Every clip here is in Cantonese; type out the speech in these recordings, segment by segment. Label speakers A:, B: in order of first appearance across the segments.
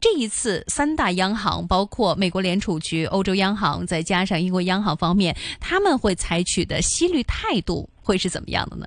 A: 這一次三大央行，包括美國聯儲局、歐洲央行，再加上英國央行方面，他們會採取的息率態度會是怎麼樣的呢？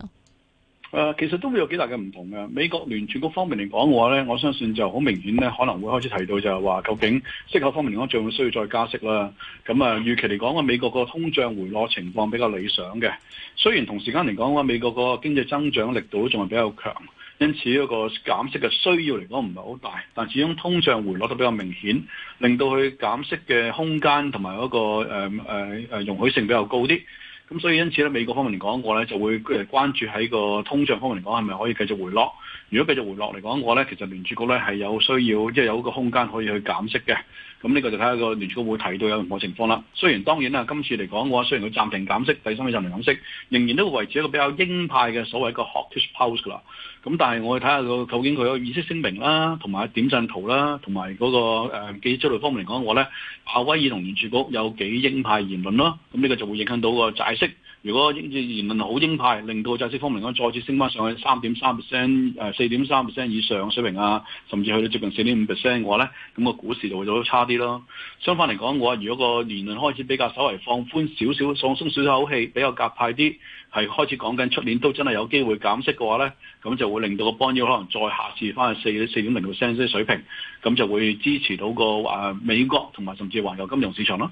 A: 誒、
B: 呃，其實都會有幾大嘅唔同嘅。美國聯儲局方面嚟講嘅話呢，我相信就好明顯呢，可能會開始提到就係話，究竟息口方面嚟講，仲需要再加息啦。咁、嗯、啊、呃，預期嚟講嘅美國個通脹回落情況比較理想嘅，雖然同時間嚟講嘅美國個經濟增長力度仲係比較強。因此嗰個減息嘅需要嚟講唔係好大，但始終通脹回落得比較明顯，令到佢減息嘅空間同埋嗰個誒誒、呃呃、容許性比較高啲。咁所以因此咧，美國方面嚟講我咧，就會誒關注喺個通脹方面嚟講係咪可以繼續回落。如果繼續回落嚟講我咧，其實聯儲局咧係有需要即係、即係、有一個空間可以去減息嘅。咁呢個就睇下個聯儲局會提到有任何情況啦。雖然當然啦，今次嚟講嘅話，雖然佢暫停減息，第三次暫停減息，仍然都會維持一個比較鷹派嘅所謂一個 hawkish pose 啦。咁但係我哋睇下個究竟佢有意識聲明啦，同埋點陣圖啦，同埋嗰個誒幾資料方面嚟講，我咧鮑威爾同聯儲局有幾鷹派言論咯。咁呢個就會影響到個債息。如果英治言論好鷹派，令到債息方面講再次升翻上去三點三 percent，誒四點三 percent 以上水平啊，甚至去到接近四點五 percent 嘅話咧，咁、那個股市就會做得差啲咯。相反嚟講，我話如果個言論開始比較稍微放寬少少、放鬆少少口氣，比較鴿派啲，係開始講緊出年都真係有機會減息嘅話咧，咁就會令到個 bond yield 可能再下次翻去四四點零 percent 嘅水平，咁就會支持到個誒美國同埋甚至環球金融市場咯。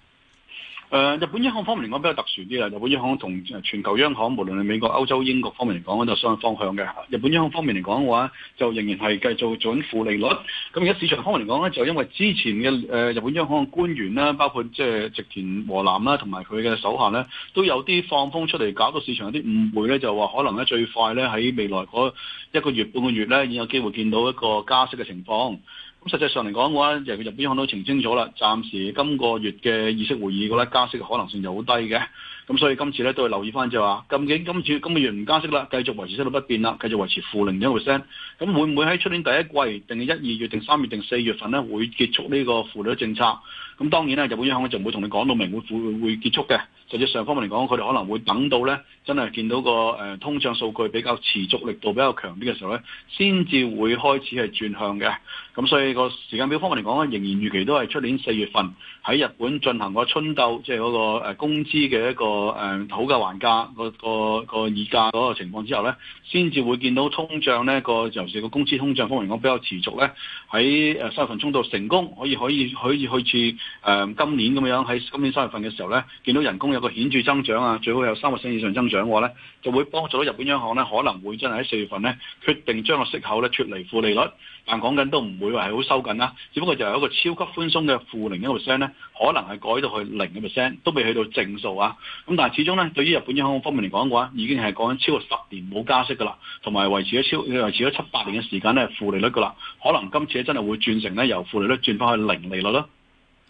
B: 誒、呃、日本央行方面嚟講比較特殊啲啦，日本央行同全球央行無論係美國、歐洲、英國方面嚟講都係相反方向嘅。日本央行方面嚟講嘅話，就仍然係繼續做緊負利率。咁而家市場方面嚟講咧，就因為之前嘅誒、呃、日本央行嘅官員啦，包括即係、呃、植田和男啦、啊，同埋佢嘅手下咧，都有啲放風出嚟，搞到市場有啲誤會咧，就話可能咧最快咧喺未來嗰一個月半個月咧，已經有機會見到一個加息嘅情況。咁實際上嚟講，我喺入入邊都澄清咗啦。暫時今個月嘅議息會議，覺得加息嘅可能性就好低嘅。咁所以今次咧都係留意翻，就係話，究竟今次今個月唔加息啦，繼續維持息率不變啦，繼續維持負零點一 percent。咁會唔會喺出年第一季、定係一二月、定三月、定四月份咧，會結束呢個負利率政策？咁當然咧，日本央行就唔會同你講到明，會會會結束嘅。實際上方面嚟講，佢哋可能會等到咧，真係見到個通脹數據比較持續，力度比較強啲嘅時候咧，先至會開始係轉向嘅。咁所以個時間表方面嚟講咧，仍然預期都係出年四月份喺日本進行個春鬥，即係嗰個工資嘅一個誒、嗯、討價還價、那個個個議價嗰個情況之後咧，先至會見到通脹呢個尤其是個工資通脹方面嚟講比較持續咧，喺三月份衝到成功，可以可以可以去誒、嗯、今年咁樣喺今年三月份嘅時候咧，見到人工有個顯著增長啊，最好有三個 percent 以上增長嘅話咧，就會幫助到日本央行咧，可能會真係喺四月份咧決定將個息口咧脫離負利率。但講緊都唔會話係好收緊啦、啊，只不過就係一個超級寬鬆嘅負零一個 percent 咧，可能係改到去零嘅 percent，都未去到正數啊。咁但係始終咧，對於日本央行方面嚟講嘅話，已經係講緊超過十年冇加息嘅啦，同埋維持咗超維持咗七八年嘅時間咧負利率嘅啦，可能今次真係會轉成咧由負利率轉翻去零利率咯。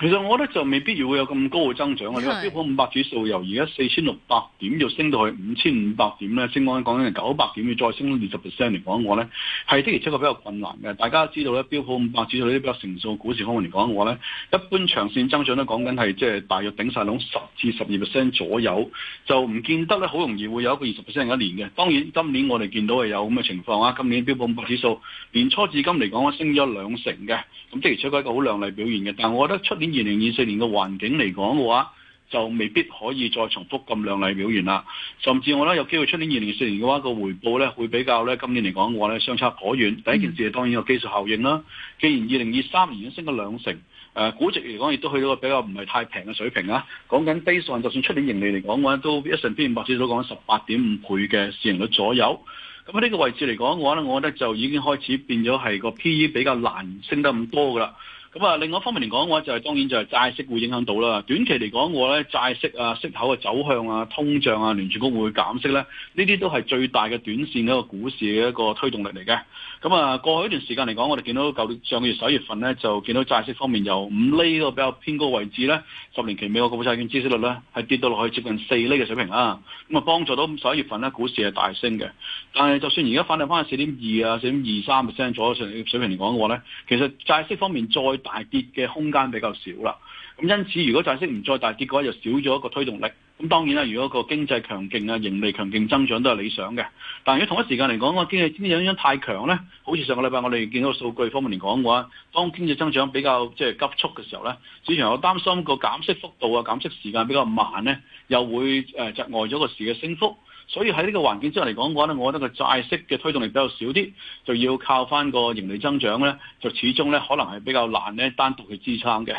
B: 其實我覺得就未必要會有咁高嘅增長啊！你話標普五百指數由而家四千六百點要升到去五千五百點咧，升係講緊九百點要再升二十 percent 嚟講我話咧，係的而且確比較困難嘅。大家知道咧，標普五百指數呢啲比較成熟嘅股市方面嚟講我話咧，一般長線增長都講緊係即係大約頂晒籠十至十二 percent 左右，就唔見得咧好容易會有一個二十 percent 一年嘅。當然今年我哋見到係有咁嘅情況啊，今年標普五百指數年初至今嚟講升咗兩成嘅，咁的而且確係一個好亮麗表現嘅。但係我覺得出年，二零二四年嘅環境嚟講嘅話，就未必可以再重複咁亮麗表現啦。甚至我覺得有機會出年二零二四年嘅話，個回報咧會比較咧今年嚟講嘅話咧相差頗遠。第一件事當然有技術效應啦。既然二零二三年已經升咗兩成，誒、呃、估值嚟講亦都去到個比較唔係太平嘅水平啊。講緊 base line 就算出年盈利嚟講嘅話，都一成偏五百，好似所講十八點五倍嘅市盈率左右。咁喺呢個位置嚟講嘅話呢，嘅可能我覺得就已經開始變咗係個 P E 比較難升得咁多噶啦。咁啊，另外一方面嚟講嘅話，就係當然就係債息會影響到啦。短期嚟講，我咧債息啊、息口嘅走向啊、通脹啊、聯儲局會減息咧，呢啲都係最大嘅短線一個股市嘅一個推動力嚟嘅。咁啊，過去一段時間嚟講，我哋見到舊上個月十一月份咧，就見到債息方面由五厘個比較偏高位置咧，十年期美國國債券孳息率咧係跌到落去接近四厘嘅水平啊。咁啊，幫助到十一月份咧股市係大升嘅。但係就算而家反彈翻去四點二啊、四點二三 percent 左右水平嚟講嘅話咧，其實債息方面再大跌嘅空間比較少啦，咁因此如果債息唔再大跌嘅話，就少咗一個推動力。咁當然啦，如果個經濟強勁啊、盈利強勁增長都係理想嘅。但係如果同一時間嚟講，個經濟增長太強咧，好似上個禮拜我哋見到個數據，方面嚟講嘅話，當經濟增長比較即係急速嘅時候咧，市場有擔心個減息幅度啊、減息時間比較慢咧，又會誒窒礙咗個市嘅升幅。所以喺呢個環境之下嚟講嘅話咧，我覺得個債息嘅推動力比較少啲，就要靠返個盈利增長咧，就始終咧可能係比較難咧單獨去支撐嘅。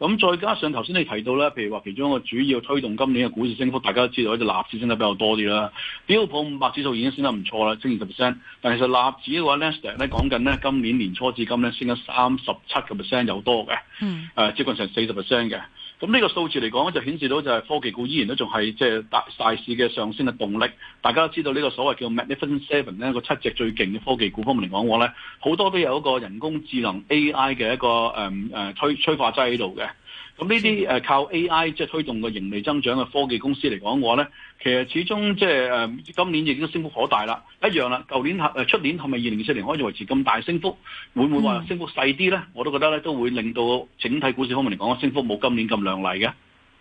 B: 咁再加上頭先你提到咧，譬如話其中一個主要推動今年嘅股市升幅，大家都知道咧就納指升得比較多啲啦。標普五百指數已經升得唔錯啦，升二十 percent，但其實納指嘅話咧，成日咧講緊咧今年年初至今咧升咗三十七個 percent 有多嘅，嗯，誒接近成四十 percent 嘅。咁呢個數字嚟講咧，就顯示到就係科技股依然都仲係即係大大市嘅上升嘅動力。大家都知道呢個所謂叫 Magnificent Seven 呢，個七隻最勁嘅科技股方面嚟講，嘅話咧好多都有一個人工智能 AI 嘅一個誒誒催催化劑喺度嘅。咁呢啲誒靠 A.I. 即係推動個盈利增長嘅科技公司嚟講嘅話咧，其實始終即係今年已經升幅可大啦，一樣啦。舊年係誒出年係咪二零二四年開始維持咁大升幅？會唔會話升幅細啲咧？我都覺得咧都會令到整體股市方面嚟講，升幅冇今年咁亮麗嘅。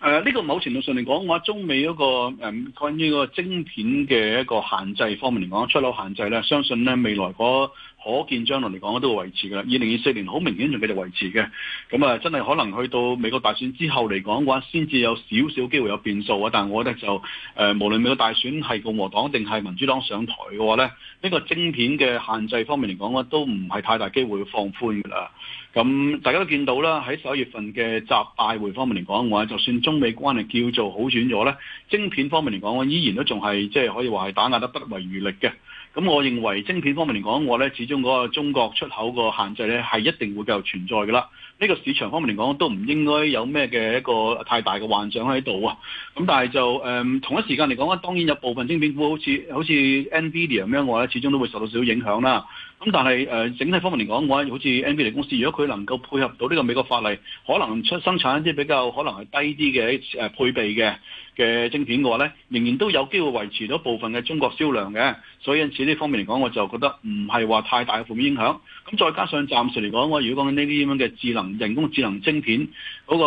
B: 誒呢、呃這個某程度上嚟講，我話中美嗰個、嗯、關於於個晶片嘅一個限制方面嚟講，出口限制咧，相信咧未來嗰。可見將來嚟講，都會維持噶啦。二零二四年好明顯仲繼續維持嘅。咁啊，真係可能去到美國大選之後嚟講嘅話，先至有少少機會有變數啊。但係我覺得，就誒，無論美國大選係共和黨定係民主黨上台嘅話咧，呢個晶片嘅限制方面嚟講咧，都唔係太大機會放寬㗎啦。咁大家都見到啦，喺十一月份嘅習拜會方面嚟講，嘅話就算中美關係叫做好轉咗咧，晶片方面嚟講，我依然都仲係即係可以話係打壓得不遺餘力嘅。咁我認為晶片方面嚟講，我咧始終嗰個中國出口個限制咧係一定會繼續存在㗎啦。呢、這個市場方面嚟講，都唔應該有咩嘅一個太大嘅幻想喺度啊。咁但係就、嗯、同一時間嚟講，當然有部分晶片股好似好似 NVIDIA 咁樣，我咧始終都會受到少少影響啦。咁、嗯、但係、呃、整體方面嚟講嘅話，好似 NVIDIA 公司，如果佢能夠配合到呢個美國法例，可能出生產一啲比較可能係低啲嘅、呃、配備嘅嘅晶片嘅話咧，仍然都有機會維持到部分嘅中國銷量嘅。所以因此呢方面嚟講，我就覺得唔係話太大嘅負面影響。咁、嗯、再加上暫時嚟講，我、呃、如果講緊呢啲咁嘅智能人工智能晶片嗰、那個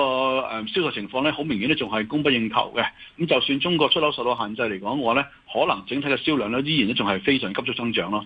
B: 銷售、呃、情況咧，好明顯咧仲係供不應求嘅。咁、嗯、就算中國出口受到限制嚟講嘅話咧，可能整體嘅銷量咧依然咧仲係非常急速增長咯。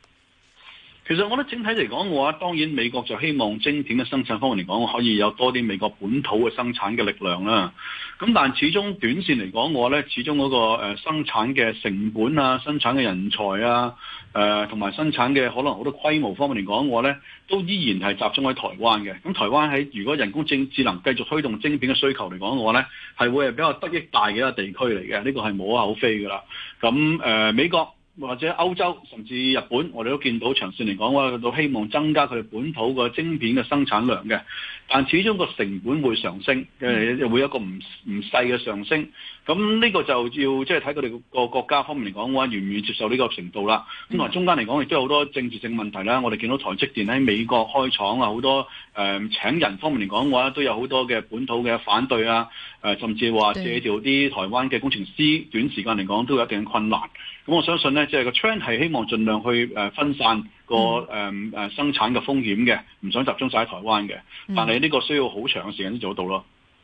B: 其實我覺得整體嚟講嘅話，當然美國就希望晶片嘅生產方面嚟講，可以有多啲美國本土嘅生產嘅力量啦。咁但係始終短線嚟講嘅話，我咧始終嗰個誒生產嘅成本啊、生產嘅人才啊、誒同埋生產嘅可能好多規模方面嚟講嘅話，我咧都依然係集中喺台灣嘅。咁台灣喺如果人工智智能繼續推動晶片嘅需求嚟講嘅話咧，係會係比較得益大嘅一個地區嚟嘅。呢、呢個係無可厚非㗎啦。咁誒、呃、美國，或者歐洲甚至日本，我哋都見到，長線嚟講，我哋都希望增加佢哋本土個晶片嘅生產量嘅，但始終個成本會上升，誒會有一個唔唔細嘅上升。咁呢個就要即係睇佢哋個國家方面嚟講嘅話，願唔願意接受呢個程度啦。咁同埋中間嚟講，亦都有好多政治性問題啦。我哋見到台積電喺美國開廠啊，好多誒、呃、請人方面嚟講嘅話，都有好多嘅本土嘅反對啊、呃。甚至話借調啲台灣嘅工程師，對短時間嚟講都有一定困難。咁我相信呢，即係個趨勢係希望盡量去分散、個誒、嗯呃、生產嘅風險嘅，唔想集中晒喺台灣嘅。但係呢個需要好長嘅時間先做到咯。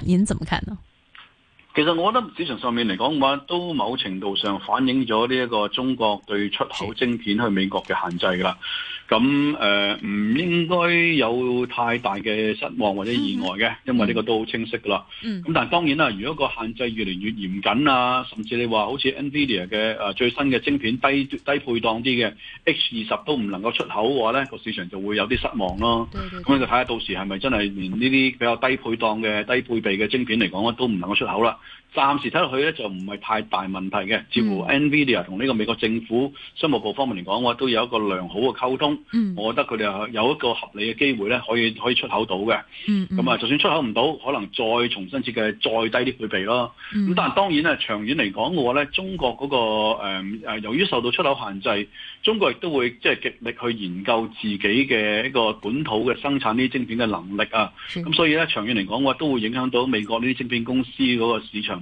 A: 您怎麼看呢？
B: 其實我覺得市場上，上面嚟講嘅話，都某程度上反映咗呢一個中國對出口晶片去美國嘅限制㗎啦。咁誒唔應該有太大嘅失望或者意外嘅，因為呢個都好清晰噶啦。咁、嗯嗯、但當然啦，如果個限制越嚟越嚴謹啊，甚至你話好似 Nvidia 嘅、啊、最新嘅晶片低低配檔啲嘅 H 二十都唔能夠出口嘅話咧，個市場就會有啲失望咯。咁你就睇下到時係咪真係連呢啲比較低配檔嘅低配備嘅晶片嚟講都唔能夠出口啦？暫時睇落去咧就唔係太大問題嘅，至乎 NVIDIA 同呢個美國政府商務部方面嚟講，話都有一個良好嘅溝通，嗯、我覺得佢哋有一個合理嘅機會咧可以可以出口到嘅。咁啊、嗯，嗯、就算出口唔到，可能再重新設計再低啲配備咯。咁、嗯、但係當然咧，長遠嚟講嘅話咧，中國嗰、那個誒、呃、由於受到出口限制，中國亦都會即係、就是、極力去研究自己嘅一個本土嘅生產呢啲晶片嘅能力啊。咁的所以咧長遠嚟講嘅話，都會影響到美國呢啲晶片公司嗰個市場。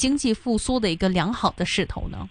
A: 經濟復蘇嘅一個良好的勢頭呢？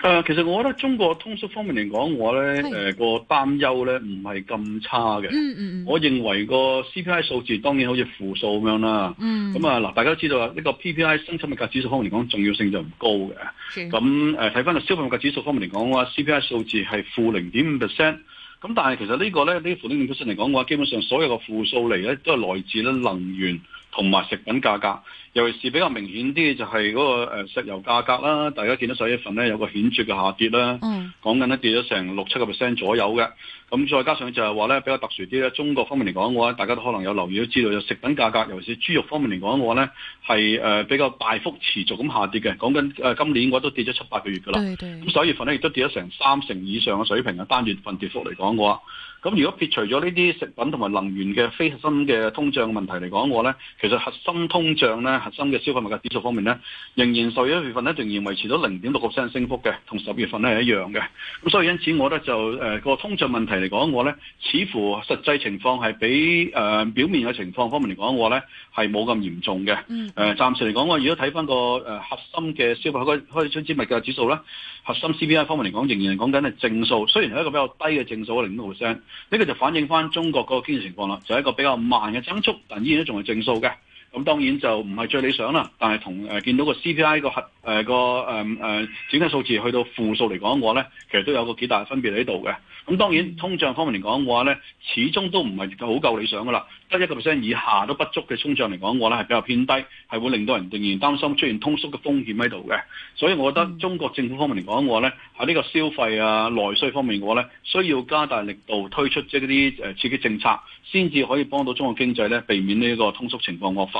A: 誒、
B: 呃，其實我覺得中國通縮方面嚟講，我咧誒的、呃、個擔憂咧唔係咁差嘅、嗯。嗯嗯嗯。我認為個 CPI 數字當然好似負數咁樣啦。嗯。咁啊嗱，大家都知道啊，呢、這個 PPI 生產物價指數方面嚟講，重要性就唔高嘅。咁誒的，睇翻個消費物價指數方面嚟講嘅話，CPI 數字係負零點五 percent。咁但係其實這個呢、這個咧呢啲負零點五 percent 嚟講嘅話，基本上所有嘅負數嚟咧都係來自咧能源。同埋食品價格，尤其是比較明顯啲，就係嗰個誒石油價格啦。大家見到十一月份咧有個顯著嘅下跌啦，講緊咧跌咗成六七個 percent 左右嘅。咁再加上就係話咧比較特殊啲咧，中國方面嚟講嘅話，大家都可能有留意都知道，有、就是、食品價格，尤其是豬肉方面嚟講嘅話咧，係誒、呃、比較大幅持續咁下跌嘅。講緊、呃、今年嘅話都跌咗七八個月噶啦。咁十一月份咧亦都跌咗成三成以上嘅水平啊，單月份跌幅嚟講嘅話。咁如果撇除咗呢啲食品同埋能源嘅非核心嘅通脹問題嚟講我呢，我咧其實核心通脹咧核心嘅消費物價指數方面咧，仍然十一月份咧仍然維持到零點六個 percent 升幅嘅，同十月份咧係一樣嘅。咁所以因此我呢就誒、呃那個通脹問題嚟講我呢，我咧似乎實際情況係比誒、呃、表面嘅情況方面嚟講我呢，我咧係冇咁嚴重嘅。誒、嗯呃、暫時嚟講，我如果睇翻個核心嘅消費物價指物價指數咧，核心 CPI 方面嚟講仍然係講緊係正數，雖然係一個比較低嘅正數零點六 percent。呢個就反映翻中國嗰個經濟情況啦，就係一個比較慢嘅增速，但依然都仲係正數嘅。咁當然就唔係最理想啦，但係同誒、呃、見到個 CPI、呃呃呃、個核個個誒整體數字去到負數嚟講嘅話咧，其實都有個幾大分別喺度嘅。咁當然通脹方面嚟講嘅話咧，始終都唔係好夠理想噶啦，得一個 percent 以下都不足嘅通脹嚟講嘅話咧係比較偏低，係會令到人仍然擔心出現通縮嘅風險喺度嘅。所以我覺得中國政府方面嚟講嘅話咧，喺呢個消費啊內需方面嘅話咧，需要加大力度推出即係啲誒刺激政策，先至可以幫到中國經濟咧避免呢個通縮情況惡化。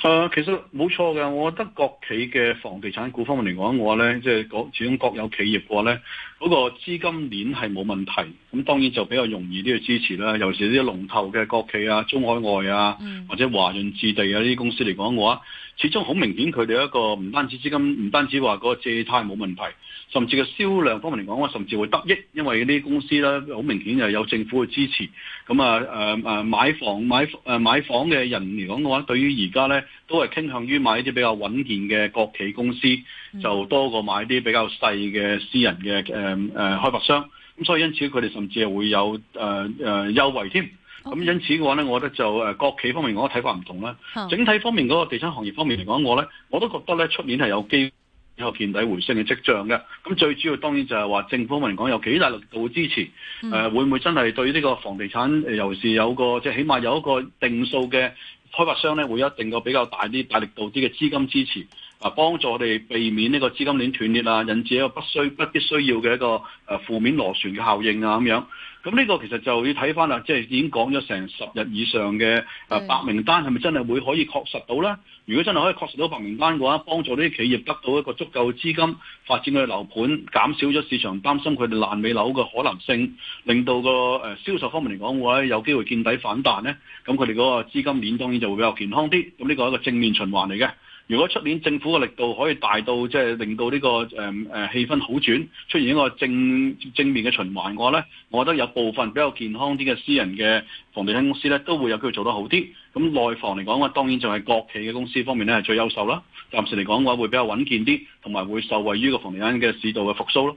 B: 誒、呃，其實冇錯嘅，我覺得國企嘅房地產股方面嚟講，話、就是，咧即係嗰始終國有企業嘅話咧，嗰、那個資金鏈係冇問題，咁當然就比較容易啲去支持啦。尤其是啲龍頭嘅國企啊，中海外啊，或者華潤置地啊呢啲公司嚟講嘅話，始終好明顯佢哋一個唔單止資金，唔單止話嗰個借貸冇問題。甚至個銷量方面嚟講，我甚至會得益，因為呢啲公司咧好明顯就有政府嘅支持。咁、嗯、啊，誒買房買誒買房嘅人嚟講嘅話，對於而家咧都係傾向於買一啲比較穩健嘅國企公司，嗯、就多過買啲比較細嘅私人嘅誒誒開發商。咁所以因此佢哋甚至係會有誒誒優惠添。咁、啊啊、Okay. 因此嘅話咧，我覺得就誒國企方面我睇法唔同啦。好整體方面嗰個地產行業方面嚟講，我咧我都覺得咧出年係有機會。後見底回升嘅跡象嘅，咁最主要當然就係話政府方面嚟講有幾大力度支持，誒、呃，會唔會真係對呢個房地產，尤其是有個即係、就是、起碼有一個定數嘅開發商咧，會有一定個比較大啲、大力度啲嘅資金支持。啊！幫助我哋避免呢個資金鏈斷裂啊，引致一個不需不必需要嘅一個、啊、負面螺旋嘅效應啊，咁樣。咁呢個其實就要睇翻啦，即係已經講咗成十日以上嘅白名單，係咪、嗯、真係會可以確實到咧？如果真係可以確實到白名單嘅話，幫助呢啲企業得到一個足夠資金發展佢嘅樓盤，減少咗市場擔心佢哋爛尾樓嘅可能性，令到個銷售方面嚟講嘅話，有機會見底反彈咧。咁佢哋嗰個資金鏈當然就會比較健康啲。咁呢個係一個正面循環嚟嘅。如果出年政府嘅力度可以大到即係令到呢、這個誒、嗯啊、氣氛好轉，出現一個正正面嘅循環嘅話，咧，我覺得有部分比較健康啲嘅私人嘅房地產公司咧，都會有機會做得好啲。咁內房嚟講，當然就係國企嘅公司方面咧係最優秀啦。暫時嚟講嘅話，會比較穩健啲，同埋會受惠於個房地產嘅市道嘅復蘇咯。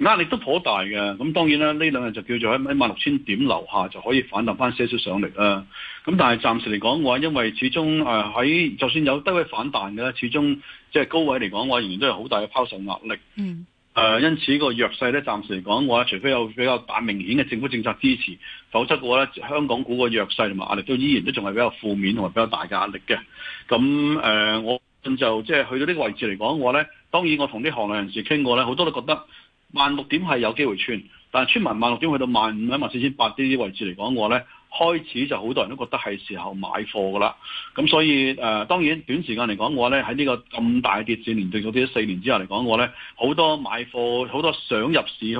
B: 壓力都頗大嘅，咁當然啦，呢兩日就叫做喺一萬六千點樓下就可以反彈翻些少上嚟啦。咁但係暫時嚟講嘅話，因為始終誒喺就算有低位反彈嘅咧，始終即係高位嚟講嘅話，仍然都有好大嘅拋售壓力。嗯。誒、呃，因此個弱勢咧，暫時嚟講嘅話，除非有比較大明顯嘅政府政策支持，否則嘅話咧，香港股個弱勢同埋壓力都依然都仲係比較負面同埋比較大嘅壓力嘅。咁誒、呃，我就即係、就係、去到呢個位置嚟講嘅話咧，當然我同啲行內人士傾過咧，好多都覺得，萬六點係有機會穿，但係穿埋萬六點去到萬五、萬四千八呢啲位置嚟講我呢，我咧開始就好多人都覺得係時候買貨㗎啦。咁所以誒、呃，當然短時間嚟講我呢，我咧喺呢個咁大跌市連續咗啲四年之後嚟講我呢，我咧好多買貨、好多想入市去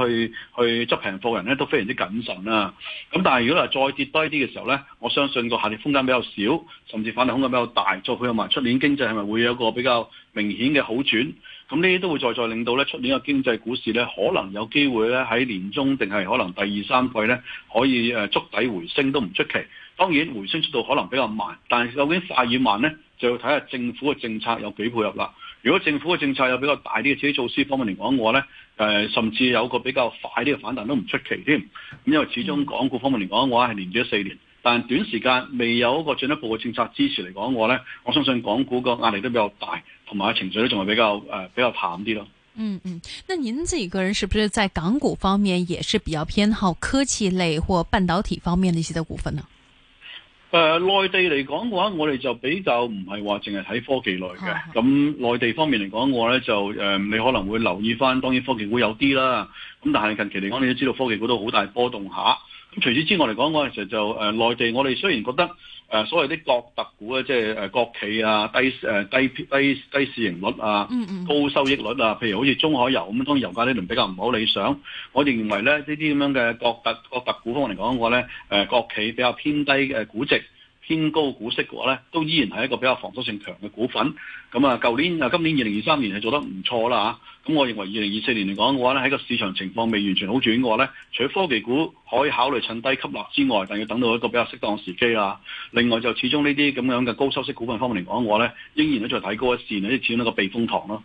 B: 去執平貨人咧都非常之謹慎啦。咁但係如果係再跌低啲嘅時候咧，我相信個下跌風險比較少，甚至反彈空間比較大，再配合埋出年經濟係咪會有一個比較明顯嘅好轉？咁呢啲都會再再令到咧出年嘅經濟股市咧，可能有機會咧喺年中定係可能第二三季咧，可以誒觸底回升都唔出奇。當然回升速度可能比較慢，但係究竟快與慢咧，就要睇下政府嘅政策有幾配合啦。如果政府嘅政策有比較大啲嘅刺激措施方面嚟講嘅話咧、呃，甚至有個比較快啲嘅反彈都唔出奇添。咁因為始終港股方面嚟講嘅話係連跌四年。但短時間未有一個進一步嘅政策支持嚟講嘅話，我咧，我相信港股個壓力都比較大，同埋情緒都仲係比較誒、呃、比較淡啲咯。嗯嗯，
A: 那您自己個人是不是在港股方面也是比較偏好科技類或半導體方面的一些的股份呢？誒、
B: 呃，內地嚟講嘅話，我哋就比較唔係話淨係睇科技類嘅。咁內地方面嚟講嘅話，我咧就誒、呃，你可能會留意翻，當然科技會有啲啦。咁但係近期嚟講，你都知道科技股都好大波動下。咁除此之外嚟講，嗰陣時就誒內地，我哋雖然覺得誒所謂啲國特股咧，即係誒國企啊、低誒低低低市盈率啊、高收益率啊，譬如好似中海油咁，當然油價呢輪比較唔好理想。我認為咧呢啲咁樣嘅國特國特股方面嚟講嘅話咧，誒國企比較偏低嘅估值。偏高股息嘅話咧，都依然係一個比較防守性強嘅股份。咁、嗯、啊，舊年啊，今年二零二三年係做得唔錯啦嚇。咁我認為二零二四年嚟講嘅話咧，喺個市場情況未完全好轉嘅話咧，除咗科技股可以考慮趁低吸納之外，但要等到一個比較適當嘅時機啦。另外就始終呢啲咁樣嘅高收息股份方面嚟講嘅話咧，仍然都再睇高一線啊，啲只呢個避風塘咯。